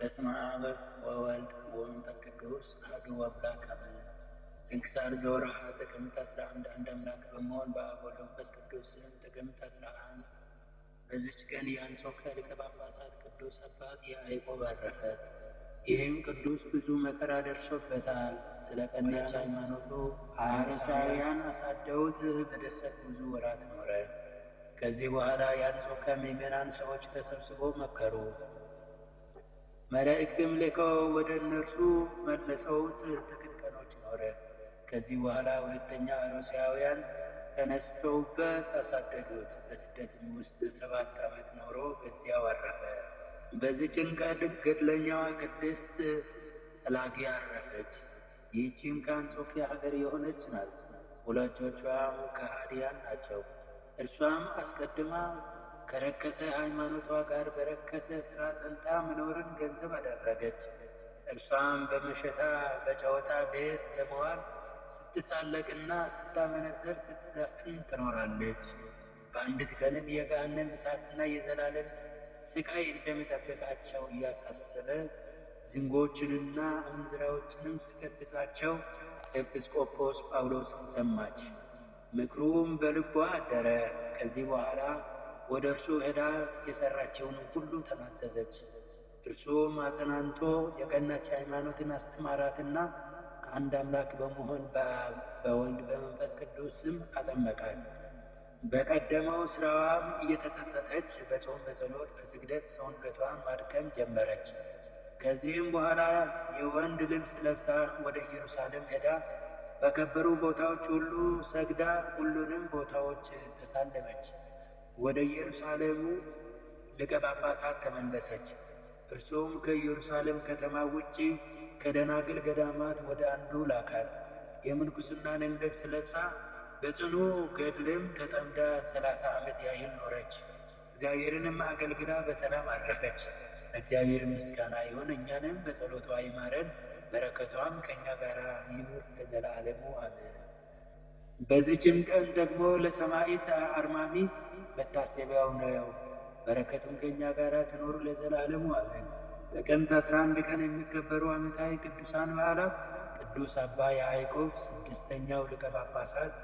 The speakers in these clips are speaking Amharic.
በስመ አብ ወወልድ ወመንፈስ ቅዱስ አሐዱ አምላክ አሜን። ስንክሳር ዘወርኀ ጥቅምት 11 አንድ አምላክ በመሆን በአብ ወወልድ ወመንፈስ ቅዱስ ስም ጥቅምት 11 በዚች ቀን የአንጾኪያ ሊቀ ጳጳሳት ቅዱስ አባት ያዕቆብ አረፈ። ይህም ቅዱስ ብዙ መከራ ደርሶበታል። ስለ ቀና ሃይማኖቱ አርሳውያን አሳደውት በደሰት ብዙ ወራት ኖረ። ከዚህ በኋላ የአንጾኪያ ምዕመናን ሰዎች ተሰብስበው መከሩ። መላእክትም ልከው ወደ እነርሱ መለሰውት ጥቂት ቀኖች ኖረ። ከዚህ በኋላ ሁለተኛ ሮሲያውያን ተነስተውበት አሳደዱት። በስደትም ውስጥ ሰባት ዓመት ኖሮ በዚያው አረፈ። በዚችን ቀን ገድለኛዋ ቅድስት ጥላግያ አረፈች። ይህችም ከአንጾኪያ ሀገር የሆነች ናት። ወላጆቿም ከሃዲያን ናቸው። እርሷም አስቀድማ ከረከሰ ሃይማኖቷ ጋር በረከሰ ስራ ጸንታ መኖርን ገንዘብ አደረገች። እርሷም በመሸታ በጨወታ ቤት በመዋል ስትሳለቅና ስታመነዘር ስትዘፍን ትኖራለች። በአንዲት ቀንም የገሃነም እሳትና የዘላለም ስቃይ እንደሚጠብቃቸው እያሳሰበ ዝንጎችንና እንዝራዎችንም ሲገሥጻቸው ኤጲስቆጶስ ጳውሎስን ሰማች። ምክሩም በልቧ አደረ። ከዚህ በኋላ ወደ እርሱ ሄዳ የሰራችውን ሁሉ ተናዘዘች። እርሱም አጽናንቶ የቀናች ሃይማኖትን አስተማራትና አንድ አምላክ በመሆን በአብ በወልድ በመንፈስ ቅዱስ ስም አጠመቃት። በቀደመው ስራዋም እየተጸጸተች በጾም በጸሎት በስግደት ሰውነቷ ማድከም ጀመረች። ከዚህም በኋላ የወንድ ልብስ ለብሳ ወደ ኢየሩሳሌም ሄዳ በከበሩ ቦታዎች ሁሉ ሰግዳ ሁሉንም ቦታዎች ተሳለመች። ወደ ኢየሩሳሌሙ ሊቀ ጳጳሳት ተመለሰች። እርሱም ከኢየሩሳሌም ከተማ ውጪ ከደናግል ገዳማት ወደ አንዱ ላካት። የምንኩስናንም ልብስ ለብሳ በጽኑ ገድልም ተጠምዳ ሰላሳ ዓመት ያህል ኖረች። እግዚአብሔርንም አገልግላ በሰላም አረፈች። እግዚአብሔር ምስጋና ይሁን፣ እኛንም በጸሎቷ ይማረን፣ በረከቷም ከእኛ ጋር ይኑር ለዘላለሙ አሜን። በዚችም ቀን ደግሞ ለሰማዕት አርማሚ መታሰቢያው ነው። በረከቱም ከእኛ ጋር ትኖር ለዘላለሙ አሜን። ጥቅምት 11 ቀን የሚከበሩ ዓመታዊ ቅዱሳን በዓላት ቅዱስ አባ ያዕቆብ ስድስተኛው ሊቀ ጳጳሳት፣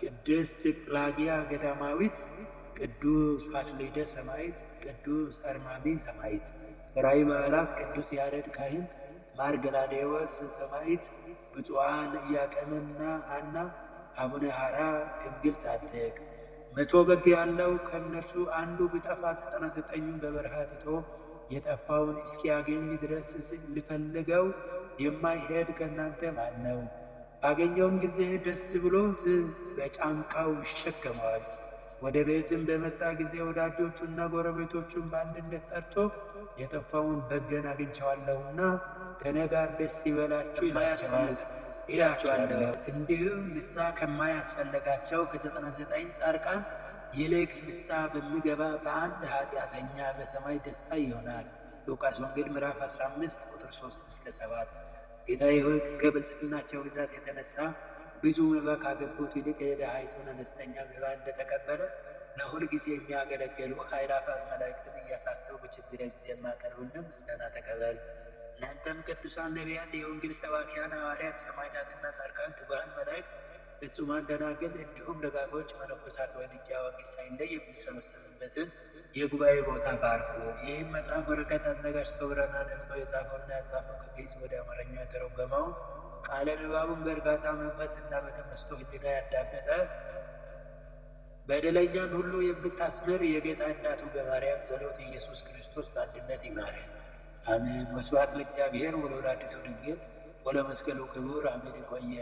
ቅድስት ጥላጊያ ገዳማዊት፣ ቅዱስ ፋስሌደስ ሰማዕት፣ ቅዱስ አርማሚ ሰማዕት። ወርኃዊ በዓላት ቅዱስ ያሬድ ካህን፣ ማር ገላውዴዎስ ሰማዕት፣ ብፁዓን ኢያቄምና አቡነ ሐራ ድንግል ጻድቅ። መቶ በግ ያለው ከእነርሱ አንዱ ቢጠፋ ዘጠና ዘጠኙን በበረሃ ትቶ የጠፋውን እስኪያገኝ ድረስ ልፈልገው የማይሄድ ከእናንተ ማን ነው? ባገኘውም ጊዜ ደስ ብሎት በጫንቃው ይሸከመዋል። ወደ ቤትም በመጣ ጊዜ ወዳጆቹና ጎረቤቶቹን በአንድነት ጠርቶ የጠፋውን በገን አግኝቸዋለሁና ከነጋር ደስ ይበላችሁ ይላቸዋል። ይላቸዋለሁ። እንዲሁም ንስሐ ከማያስፈልጋቸው ከዘጠና ዘጠኝ ጻድቃን ይልቅ ንስሐ በሚገባ በአንድ ኃጢአተኛ በሰማይ ደስታ ይሆናል። ሉቃስ ወንጌል ምዕራፍ 15 ቁጥር 3 እስከ 7። ጌታ ሆይ ከብልጽግናቸው ብዛት የተነሳ ብዙ መባ ካገቡት ይልቅ የደሃይቱን አነስተኛ መባ እንደተቀበለ ለሁል ጊዜ የሚያገለግሉ ኃይላፋት መላእክትን እያሳሰቡ በችግር ጊዜ የማቀርብልን ምስጋና ተቀበል። እናንተም ቅዱሳን ነቢያት፣ የወንጌል ሰባኪያን ሐዋርያት፣ ሰማዕታትና ጻድቃን፣ ትጉሃን መላእክት፣ ፍጹማን ደናግል፣ እንዲሁም ደጋጎች መነኮሳት ወልጅ አዋቂ ሳይለይ የሚሰበሰብበትን የጉባኤ ቦታ ባርኩ። ይህም መጽሐፍ ወረቀት አዘጋጅቶ ብራና ደንቆ የጻፈውና ያጻፈው ከግዕዝ ወደ አማርኛ የተረጎመው ቃለ ንባቡን በእርጋታ መንፈስ እና በተመስጦ እጅጋ ያዳመጠ በደለኛን ሁሉ የምታስምር የጌታ እናቱ በማርያም ጸሎት ኢየሱስ ክርስቶስ በአንድነት ይማርያል። አሜን። ወስብሐት ለእግዚአብሔር ወለወላዲቱ ድንግል ወለመስቀሉ ክቡር። አሜን። ይቆየ